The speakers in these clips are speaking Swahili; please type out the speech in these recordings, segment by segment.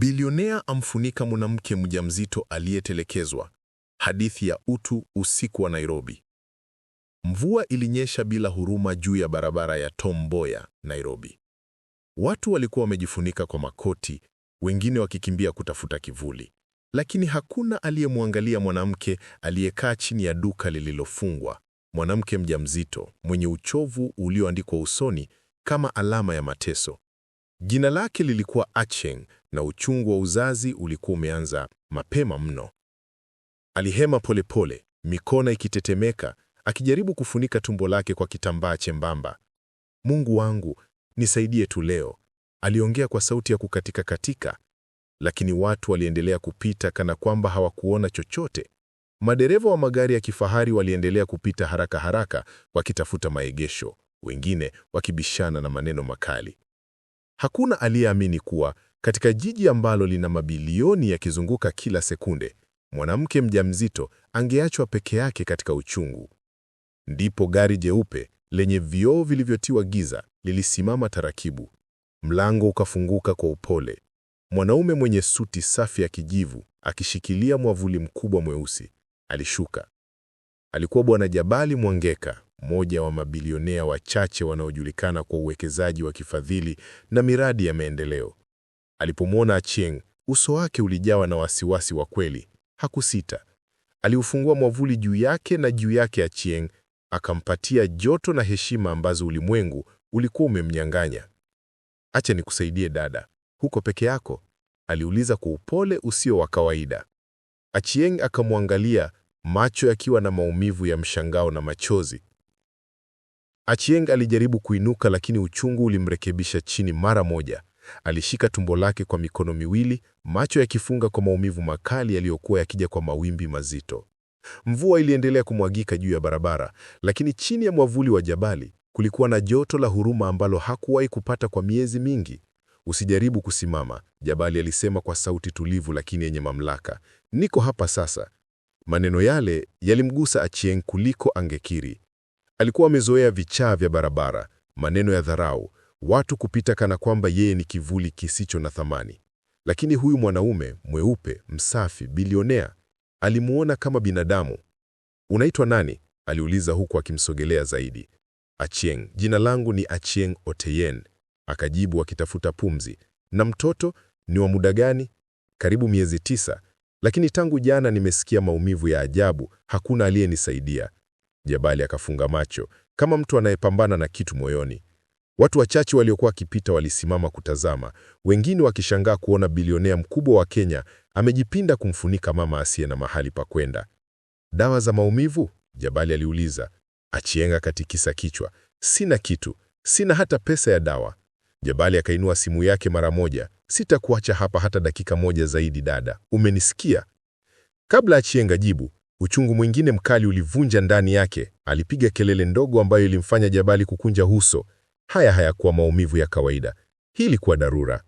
Bilionea amfunika mwanamke mjamzito aliyetelekezwa. Hadithi ya utu usiku wa Nairobi. Mvua ilinyesha bila huruma juu ya barabara ya Tom Mboya, Nairobi. Watu walikuwa wamejifunika kwa makoti, wengine wakikimbia kutafuta kivuli, lakini hakuna aliyemwangalia mwanamke aliyekaa chini ya duka lililofungwa, mwanamke mjamzito mwenye uchovu ulioandikwa usoni kama alama ya mateso. Jina lake lilikuwa Acheng, na uchungu wa uzazi ulikuwa umeanza mapema mno. Alihema polepole pole, mikono ikitetemeka, akijaribu kufunika tumbo lake kwa kitambaa chembamba. Mungu wangu, nisaidie tu leo, aliongea kwa sauti ya kukatika katika, lakini watu waliendelea kupita kana kwamba hawakuona chochote. Madereva wa magari ya kifahari waliendelea kupita haraka haraka, wakitafuta maegesho, wengine wakibishana na maneno makali. Hakuna aliyeamini kuwa katika jiji ambalo lina mabilioni yakizunguka kila sekunde, mwanamke mjamzito angeachwa peke yake katika uchungu. Ndipo gari jeupe lenye vioo vilivyotiwa giza lilisimama taratibu. Mlango ukafunguka kwa upole. Mwanaume mwenye suti safi ya kijivu akishikilia mwavuli mkubwa mweusi alishuka. Alikuwa Bwana Jabali Mwangeka, mmoja wa mabilionea wachache wanaojulikana kwa uwekezaji wa kifadhili na miradi ya maendeleo. Alipomwona Achieng, uso wake ulijawa na wasiwasi wa kweli. Hakusita, aliufungua mwavuli juu yake na juu yake Achieng akampatia joto na heshima ambazo ulimwengu ulikuwa umemnyang'anya. Acha nikusaidie dada, huko peke yako? aliuliza kwa upole usio wa kawaida. Achieng akamwangalia, macho yakiwa na maumivu ya mshangao na machozi. Achieng alijaribu kuinuka, lakini uchungu ulimrekebisha chini mara moja. Alishika tumbo lake kwa mikono miwili, macho yakifunga kwa maumivu makali yaliyokuwa yakija kwa mawimbi mazito. Mvua iliendelea kumwagika juu ya barabara, lakini chini ya mwavuli wa jabali kulikuwa na joto la huruma ambalo hakuwahi kupata kwa miezi mingi. Usijaribu kusimama, jabali alisema kwa sauti tulivu lakini yenye mamlaka. Niko hapa sasa. Maneno yale yalimgusa Achieng kuliko angekiri. Alikuwa amezoea vichaa vya barabara, maneno ya dharau, watu kupita kana kwamba yeye ni kivuli kisicho na thamani. Lakini huyu mwanaume mweupe, msafi, bilionea alimuona kama binadamu. Unaitwa nani? aliuliza huku akimsogelea zaidi. Achieng, jina langu ni Achieng Oteyen, akajibu akitafuta pumzi. Na mtoto ni wa muda gani? Karibu miezi tisa, lakini tangu jana nimesikia maumivu ya ajabu, hakuna aliyenisaidia. Jabali akafunga macho kama mtu anayepambana na kitu moyoni. Watu wachache waliokuwa wakipita walisimama kutazama, wengine wakishangaa kuona bilionea mkubwa wa Kenya amejipinda kumfunika mama asiye na mahali pa kwenda. Dawa za maumivu? Jabali aliuliza. Achieng' akatikisa kichwa. Sina kitu, sina hata pesa ya dawa. Jabali akainua simu yake mara moja. Sitakuacha hapa hata dakika moja zaidi, dada, umenisikia? Kabla Achienga jibu, uchungu mwingine mkali ulivunja ndani yake. Alipiga kelele ndogo ambayo ilimfanya Jabali kukunja uso. Haya hayakuwa maumivu ya kawaida, hii ilikuwa dharura.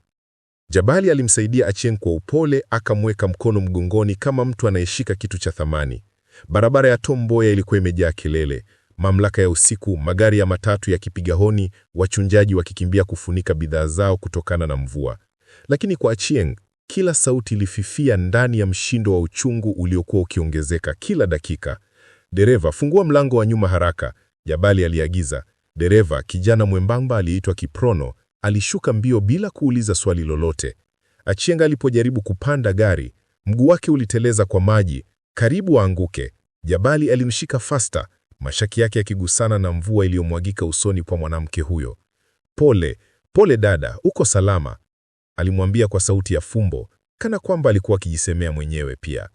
Jabali alimsaidia Achieng kwa upole, akamweka mkono mgongoni kama mtu anayeshika kitu cha thamani. Barabara ya Tom Mboya ilikuwa imejaa kelele, mamlaka ya usiku, magari ya matatu yakipiga honi, wachunjaji wakikimbia kufunika bidhaa zao kutokana na mvua. Lakini kwa Achieng, kila sauti ilififia ndani ya mshindo wa uchungu uliokuwa ukiongezeka kila dakika. Dereva, fungua mlango wa nyuma haraka, Jabali aliagiza. Dereva, kijana mwembamba aliitwa Kiprono, alishuka mbio bila kuuliza swali lolote. Achieng' alipojaribu kupanda gari, mguu wake uliteleza kwa maji, karibu aanguke. Jabali alimshika fasta, mashaki yake yakigusana na mvua iliyomwagika usoni kwa mwanamke huyo. Pole, pole dada, uko salama, alimwambia kwa sauti ya fumbo, kana kwamba alikuwa akijisemea mwenyewe pia.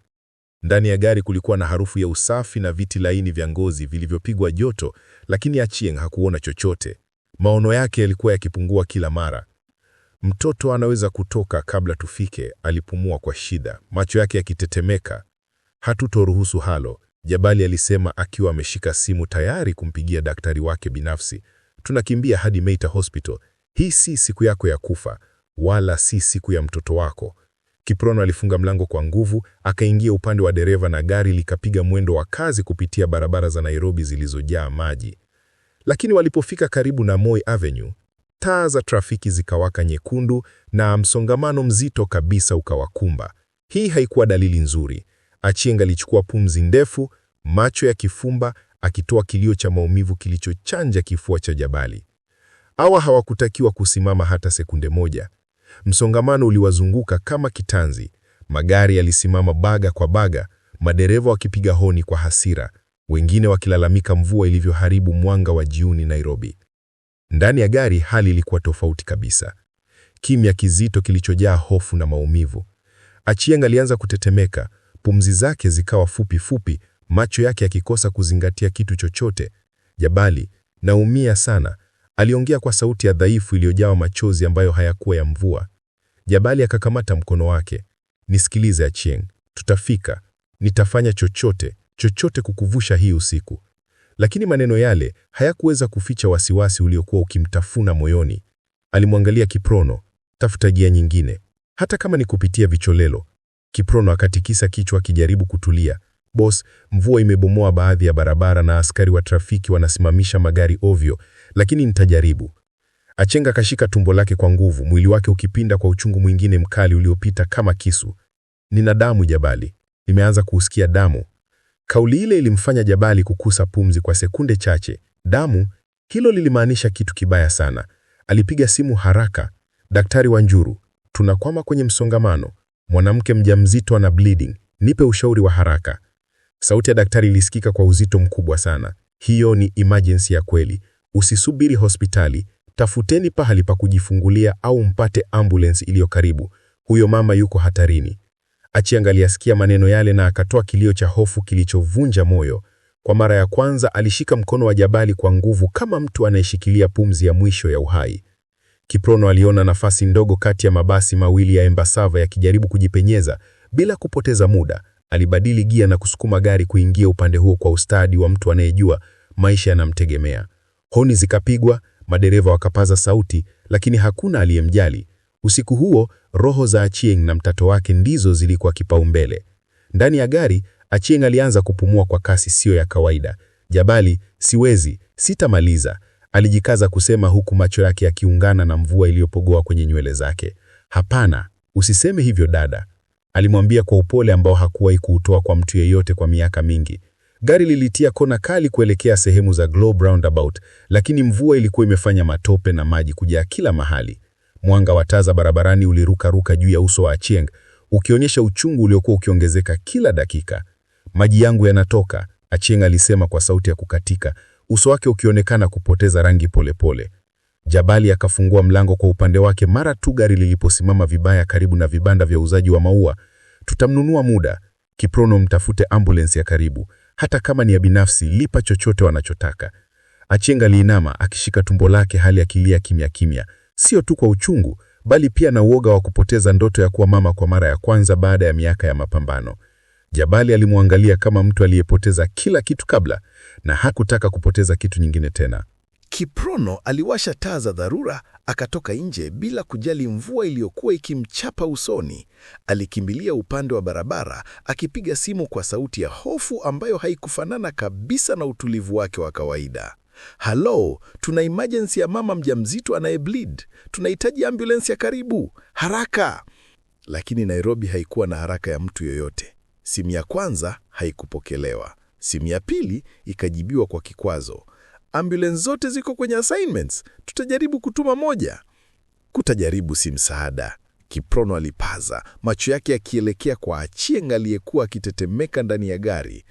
Ndani ya gari kulikuwa na harufu ya usafi na viti laini vya ngozi vilivyopigwa joto, lakini Achieng hakuona chochote. Maono yake yalikuwa yakipungua kila mara. Mtoto anaweza kutoka kabla tufike, alipumua kwa shida, macho yake yakitetemeka. Hatutoruhusu halo, Jabali alisema akiwa ameshika simu tayari kumpigia daktari wake binafsi. Tunakimbia hadi Meta Hospital. Hii si siku yako ya kufa, wala si siku ya mtoto wako. Kiprono alifunga mlango kwa nguvu, akaingia upande wa dereva na gari likapiga mwendo wa kazi kupitia barabara za Nairobi zilizojaa maji. Lakini walipofika karibu na Moi Avenue, taa za trafiki zikawaka nyekundu na msongamano mzito kabisa ukawakumba. Hii haikuwa dalili nzuri. Achieng alichukua pumzi ndefu, macho ya kifumba, akitoa kilio cha maumivu kilichochanja kifua cha Jabali. Hawa hawakutakiwa kusimama hata sekunde moja. Msongamano uliwazunguka kama kitanzi. Magari yalisimama baga kwa baga, madereva wakipiga honi kwa hasira, wengine wakilalamika mvua ilivyoharibu mwanga wa jioni Nairobi. Ndani ya gari hali ilikuwa tofauti kabisa, kimya kizito kilichojaa hofu na maumivu. Achieng alianza kutetemeka, pumzi zake zikawa fupi fupi, macho yake yakikosa kuzingatia kitu chochote. Jabali, naumia sana, Aliongea kwa sauti ya dhaifu iliyojawa machozi ambayo hayakuwa ya mvua. Jabali akakamata mkono wake. Nisikilize Achieng, tutafika. Nitafanya chochote, chochote kukuvusha hii usiku. Lakini maneno yale hayakuweza kuficha wasiwasi uliokuwa ukimtafuna moyoni. Alimwangalia Kiprono, tafuta njia nyingine, hata kama ni kupitia vicholelo. Kiprono akatikisa kichwa akijaribu kutulia, Boss, mvua imebomoa baadhi ya barabara na askari wa trafiki wanasimamisha magari ovyo, lakini nitajaribu. Achenga kashika tumbo lake kwa nguvu, mwili wake ukipinda kwa uchungu mwingine mkali uliopita kama kisu. Nina damu Jabali, nimeanza kusikia damu. Kauli ile ilimfanya Jabali kukusa pumzi kwa sekunde chache. Damu, hilo lilimaanisha kitu kibaya sana. Alipiga simu haraka. Daktari Wanjuru, tunakwama kwenye msongamano, mwanamke mjamzito ana bleeding, nipe ushauri wa haraka. Sauti ya daktari ilisikika kwa uzito mkubwa sana. Hiyo ni emergency ya kweli. Usisubiri hospitali, tafuteni pahali pa kujifungulia au mpate ambulance iliyo karibu. Huyo mama yuko hatarini. Achieng aliyasikia maneno yale na akatoa kilio cha hofu kilichovunja moyo. Kwa mara ya kwanza alishika mkono wa Jabali kwa nguvu kama mtu anayeshikilia pumzi ya mwisho ya uhai. Kiprono aliona nafasi ndogo kati ya mabasi mawili ya Embassava yakijaribu kujipenyeza bila kupoteza muda. Alibadili gia na kusukuma gari kuingia upande huo kwa ustadi wa mtu anayejua maisha yanamtegemea. Honi zikapigwa, madereva wakapaza sauti, lakini hakuna aliyemjali. Usiku huo roho za Achieng na mtoto wake ndizo zilikuwa kipaumbele. Ndani ya gari, Achieng alianza kupumua kwa kasi siyo ya kawaida. Jabali, siwezi, sitamaliza, alijikaza kusema huku macho yake yakiungana na mvua iliyopogoa kwenye nywele zake. Hapana, usiseme hivyo dada alimwambia kwa upole ambao hakuwahi kuutoa kwa mtu yeyote kwa miaka mingi. Gari lilitia kona kali kuelekea sehemu za Globe Roundabout, lakini mvua ilikuwa imefanya matope na maji kujaa kila mahali. Mwanga wa taa za barabarani ulirukaruka juu ya uso wa Achieng, ukionyesha uchungu uliokuwa ukiongezeka kila dakika. Maji yangu yanatoka, Achieng alisema kwa sauti ya kukatika, uso wake ukionekana kupoteza rangi polepole pole. Jabali akafungua mlango kwa upande wake mara tu gari liliposimama vibaya karibu na vibanda vya uzaji wa maua, Tutamnunua muda. Kiprono, mtafute ambulance ya karibu, hata kama ni ya binafsi. Lipa chochote wanachotaka. achenga aliinama akishika tumbo lake, hali akilia kimya kimya, sio tu kwa uchungu, bali pia na uoga wa kupoteza ndoto ya kuwa mama kwa mara ya kwanza baada ya miaka ya mapambano. Jabali alimwangalia kama mtu aliyepoteza kila kitu kabla na hakutaka kupoteza kitu nyingine tena. Kiprono aliwasha taa za dharura, akatoka nje bila kujali mvua iliyokuwa ikimchapa usoni. Alikimbilia upande wa barabara akipiga simu kwa sauti ya hofu ambayo haikufanana kabisa na utulivu wake wa kawaida. Halo, tuna emergency ya mama mjamzito anayebleed. Tunahitaji ambulensi ya karibu haraka. Lakini Nairobi haikuwa na haraka ya mtu yoyote. Simu ya kwanza haikupokelewa, simu ya pili ikajibiwa kwa kikwazo ambulance zote ziko kwenye assignments, tutajaribu kutuma moja. Kutajaribu si msaada, Kiprono alipaza, macho yake yakielekea kwa Achieng' aliyekuwa akitetemeka ndani ya gari.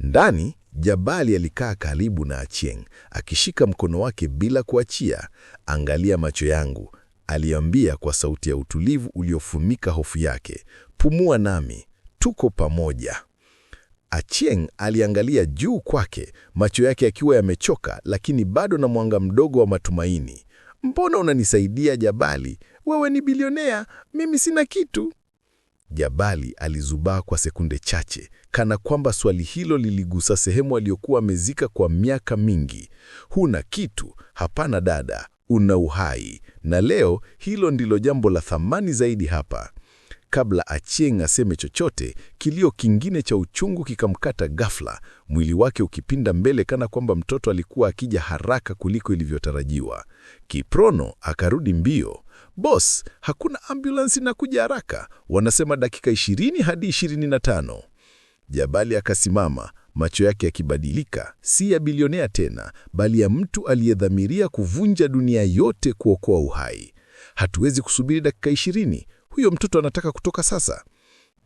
Ndani, Jabali alikaa karibu na Achieng', akishika mkono wake bila kuachia. Angalia macho yangu, aliambia kwa sauti ya utulivu uliofumika hofu yake. Pumua nami, tuko pamoja. Achieng aliangalia juu kwake, macho yake yakiwa yamechoka, lakini bado na mwanga mdogo wa matumaini. Mbona unanisaidia Jabali? Wewe ni bilionea, mimi sina kitu. Jabali alizubaa kwa sekunde chache, kana kwamba swali hilo liligusa sehemu aliyokuwa amezika kwa miaka mingi. Huna kitu? Hapana dada, una uhai, na leo hilo ndilo jambo la thamani zaidi hapa. Kabla Achieng' aseme chochote, kilio kingine cha uchungu kikamkata ghafla, mwili wake ukipinda mbele kana kwamba mtoto alikuwa akija haraka kuliko ilivyotarajiwa. Kiprono akarudi mbio. bos hakuna ambulansi na kuja haraka, wanasema dakika 20 hadi 25. Jabali akasimama, macho yake yakibadilika, si ya bilionea tena, bali ya mtu aliyedhamiria kuvunja dunia yote kuokoa uhai. Hatuwezi kusubiri dakika ishirini, huyo mtoto anataka kutoka sasa.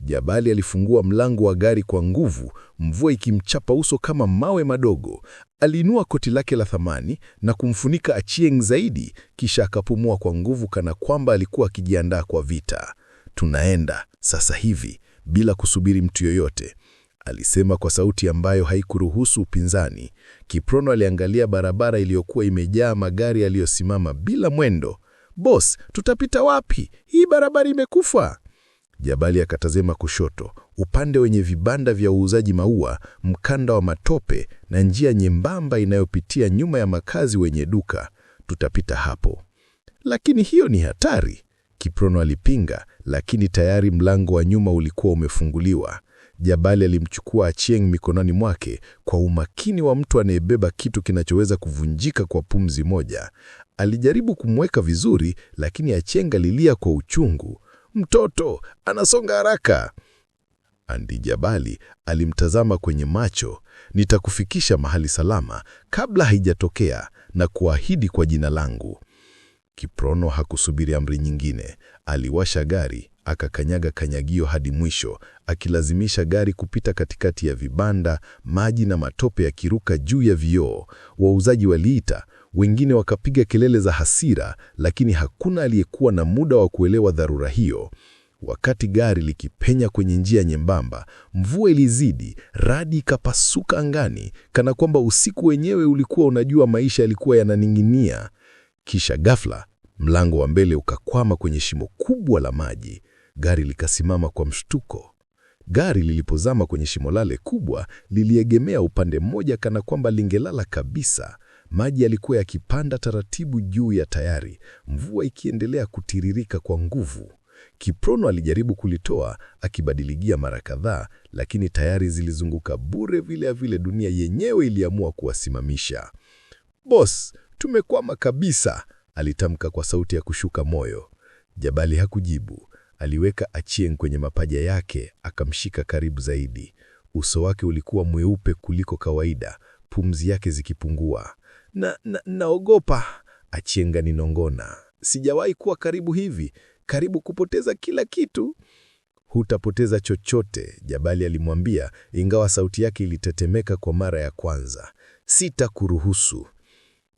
Jabali alifungua mlango wa gari kwa nguvu, mvua ikimchapa uso kama mawe madogo. Aliinua koti lake la thamani na kumfunika Achieng zaidi, kisha akapumua kwa nguvu, kana kwamba alikuwa akijiandaa kwa vita. Tunaenda sasa hivi, bila kusubiri mtu yoyote, alisema kwa sauti ambayo haikuruhusu upinzani. Kiprono aliangalia barabara iliyokuwa imejaa magari yaliyosimama bila mwendo. Boss, tutapita wapi? Hii barabara imekufa. Jabali akatazama kushoto, upande wenye vibanda vya uuzaji maua, mkanda wa matope na njia nyembamba inayopitia nyuma ya makazi wenye duka. Tutapita hapo. Lakini hiyo ni hatari. Kiprono alipinga, lakini tayari mlango wa nyuma ulikuwa umefunguliwa. Jabali alimchukua Achieng mikononi mwake kwa umakini wa mtu anayebeba kitu kinachoweza kuvunjika kwa pumzi moja. Alijaribu kumweka vizuri, lakini Achieng alilia kwa uchungu, mtoto anasonga haraka. Andi Jabali alimtazama kwenye macho, nitakufikisha mahali salama kabla haijatokea, na kuahidi kwa jina langu. Kiprono hakusubiri amri nyingine, aliwasha gari Akakanyaga kanyagio hadi mwisho, akilazimisha gari kupita katikati ya vibanda, maji na matope yakiruka juu ya vioo. Wauzaji waliita, wengine wakapiga kelele za hasira, lakini hakuna aliyekuwa na muda wa kuelewa dharura hiyo. Wakati gari likipenya kwenye njia nyembamba, mvua ilizidi, radi ikapasuka angani, kana kwamba usiku wenyewe ulikuwa unajua maisha yalikuwa yananing'inia. Kisha ghafla, mlango wa mbele ukakwama kwenye shimo kubwa la maji. Gari likasimama kwa mshtuko. Gari lilipozama kwenye shimo lale kubwa, liliegemea upande mmoja kana kwamba lingelala kabisa. Maji yalikuwa yakipanda taratibu juu ya tayari, mvua ikiendelea kutiririka kwa nguvu. Kiprono alijaribu kulitoa akibadiligia mara kadhaa, lakini tayari zilizunguka bure, vile vile dunia yenyewe iliamua kuwasimamisha. bos tumekwama kabisa, alitamka kwa sauti ya kushuka moyo. Jabali hakujibu. Aliweka Achieng kwenye mapaja yake, akamshika karibu zaidi. Uso wake ulikuwa mweupe kuliko kawaida, pumzi yake zikipungua. na, na naogopa, Achieng aninong'ona, sijawahi kuwa karibu hivi, karibu kupoteza kila kitu. Hutapoteza chochote, Jabali alimwambia, ingawa sauti yake ilitetemeka kwa mara ya kwanza. Sitakuruhusu.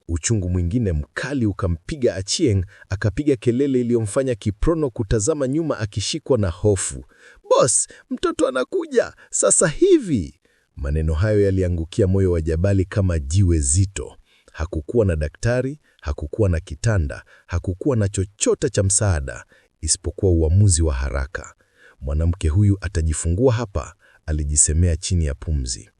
Uchungu mwingine mkali ukampiga Achieng. Akapiga kelele iliyomfanya Kiprono kutazama nyuma akishikwa na hofu. Boss, mtoto anakuja sasa hivi! Maneno hayo yaliangukia moyo wa Jabali kama jiwe zito. Hakukuwa na daktari, hakukuwa na kitanda, hakukuwa na chochote cha msaada isipokuwa uamuzi wa haraka. Mwanamke huyu atajifungua hapa, alijisemea chini ya pumzi.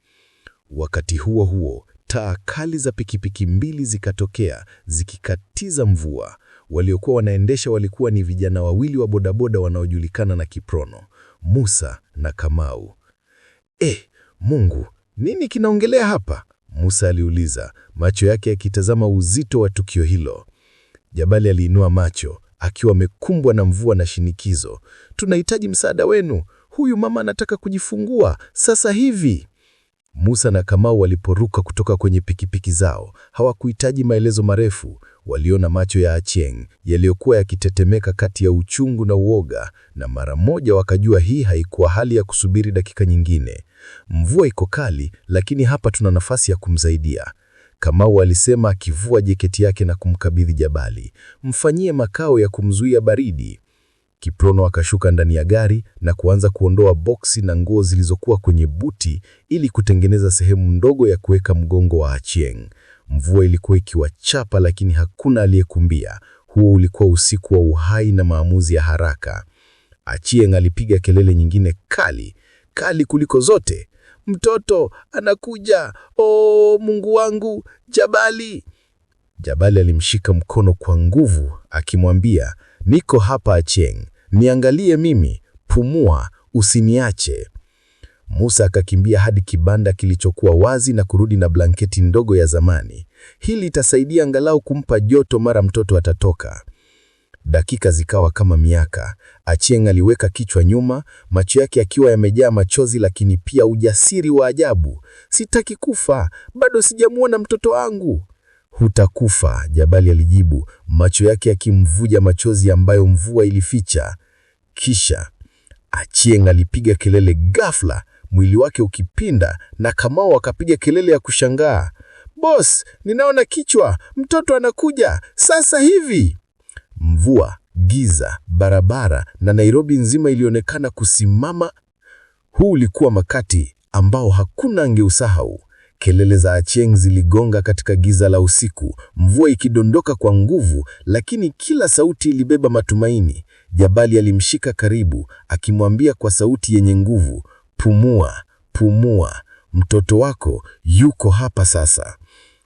Wakati huo huo taa kali za pikipiki mbili zikatokea zikikatiza mvua. Waliokuwa wanaendesha walikuwa ni vijana wawili wa bodaboda wanaojulikana na kiprono, Musa na Kamau. Eh, Mungu, nini kinaongelea hapa? Musa aliuliza, macho yake yakitazama uzito wa tukio hilo. Jabali aliinua macho akiwa amekumbwa na mvua na shinikizo. Tunahitaji msaada wenu, huyu mama anataka kujifungua sasa hivi. Musa na Kamau waliporuka kutoka kwenye pikipiki zao, hawakuhitaji maelezo marefu. Waliona macho ya Achieng yaliyokuwa yakitetemeka kati ya uchungu na uoga, na mara moja wakajua hii haikuwa hali ya kusubiri dakika nyingine. Mvua iko kali, lakini hapa tuna nafasi ya kumsaidia, Kamau alisema akivua jeketi yake na kumkabidhi Jabali. Mfanyie makao ya kumzuia baridi. Kiprono akashuka ndani ya gari na kuanza kuondoa boksi na nguo zilizokuwa kwenye buti ili kutengeneza sehemu ndogo ya kuweka mgongo wa Achieng. Mvua ilikuwa ikiwachapa, lakini hakuna aliyekumbia. Huo ulikuwa usiku wa uhai na maamuzi ya haraka. Achieng alipiga kelele nyingine kali kali kuliko zote, mtoto anakuja! O oh, Mungu wangu, Jabali! Jabali alimshika mkono kwa nguvu akimwambia niko hapa Achieng', niangalie mimi, pumua, usiniache. Musa akakimbia hadi kibanda kilichokuwa wazi na kurudi na blanketi ndogo ya zamani. Hili itasaidia angalau kumpa joto mara mtoto atatoka. Dakika zikawa kama miaka. Achieng' aliweka kichwa nyuma, macho yake akiwa yamejaa machozi, lakini pia ujasiri wa ajabu. Sitaki kufa, bado sijamwona mtoto wangu. Hutakufa, Jabali alijibu, macho yake yakimvuja machozi ambayo mvua ilificha. Kisha Achieng alipiga kelele ghafla, mwili wake ukipinda, na Kamau akapiga kelele ya kushangaa, Boss, ninaona kichwa, mtoto anakuja sasa hivi. Mvua, giza, barabara na Nairobi nzima ilionekana kusimama. Huu ulikuwa makati ambao hakuna angeusahau. Kelele za acheng ziligonga katika giza la usiku, mvua ikidondoka kwa nguvu, lakini kila sauti ilibeba matumaini. Jabali alimshika karibu, akimwambia kwa sauti yenye nguvu, pumua, pumua, mtoto wako yuko hapa sasa.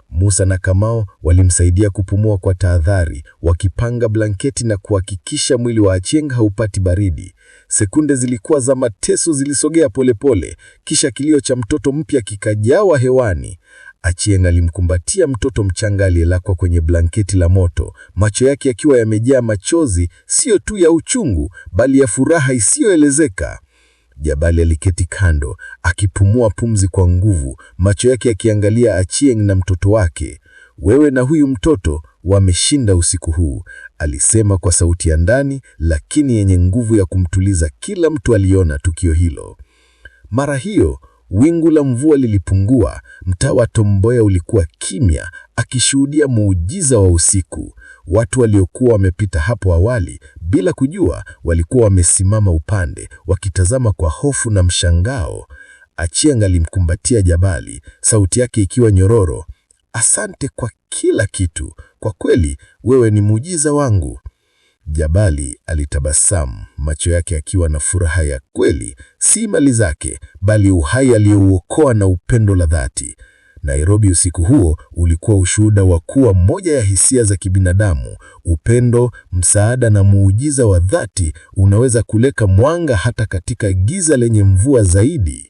Musa na kamao walimsaidia kupumua kwa tahadhari, wakipanga blanketi na kuhakikisha mwili wa Achieng haupati baridi. Sekunde zilikuwa za mateso, zilisogea polepole, kisha kilio cha mtoto mpya kikajawa hewani. Achieng alimkumbatia mtoto mchanga aliyelakwa kwenye blanketi la moto, macho yake yakiwa yamejaa machozi, siyo tu ya uchungu, bali ya furaha isiyoelezeka. Jabali aliketi kando akipumua pumzi kwa nguvu, macho yake akiangalia Achieng na mtoto wake. Wewe na huyu mtoto wameshinda usiku huu, alisema kwa sauti ya ndani lakini yenye nguvu ya kumtuliza kila mtu aliona tukio hilo. Mara hiyo wingu la mvua lilipungua, mtaa wa Tomboya ulikuwa kimya, akishuhudia muujiza wa usiku. Watu waliokuwa wamepita hapo awali bila kujua walikuwa wamesimama upande wakitazama kwa hofu na mshangao. Achieng' alimkumbatia Jabali, sauti yake ikiwa nyororo. Asante kwa kila kitu, kwa kweli wewe ni muujiza wangu. Jabali alitabasamu, macho yake akiwa na furaha ya kweli, si mali zake, bali uhai aliyouokoa na upendo la dhati. Nairobi usiku huo ulikuwa ushuhuda wa kuwa moja ya hisia za kibinadamu, upendo, msaada na muujiza wa dhati unaweza kuleka mwanga hata katika giza lenye mvua zaidi.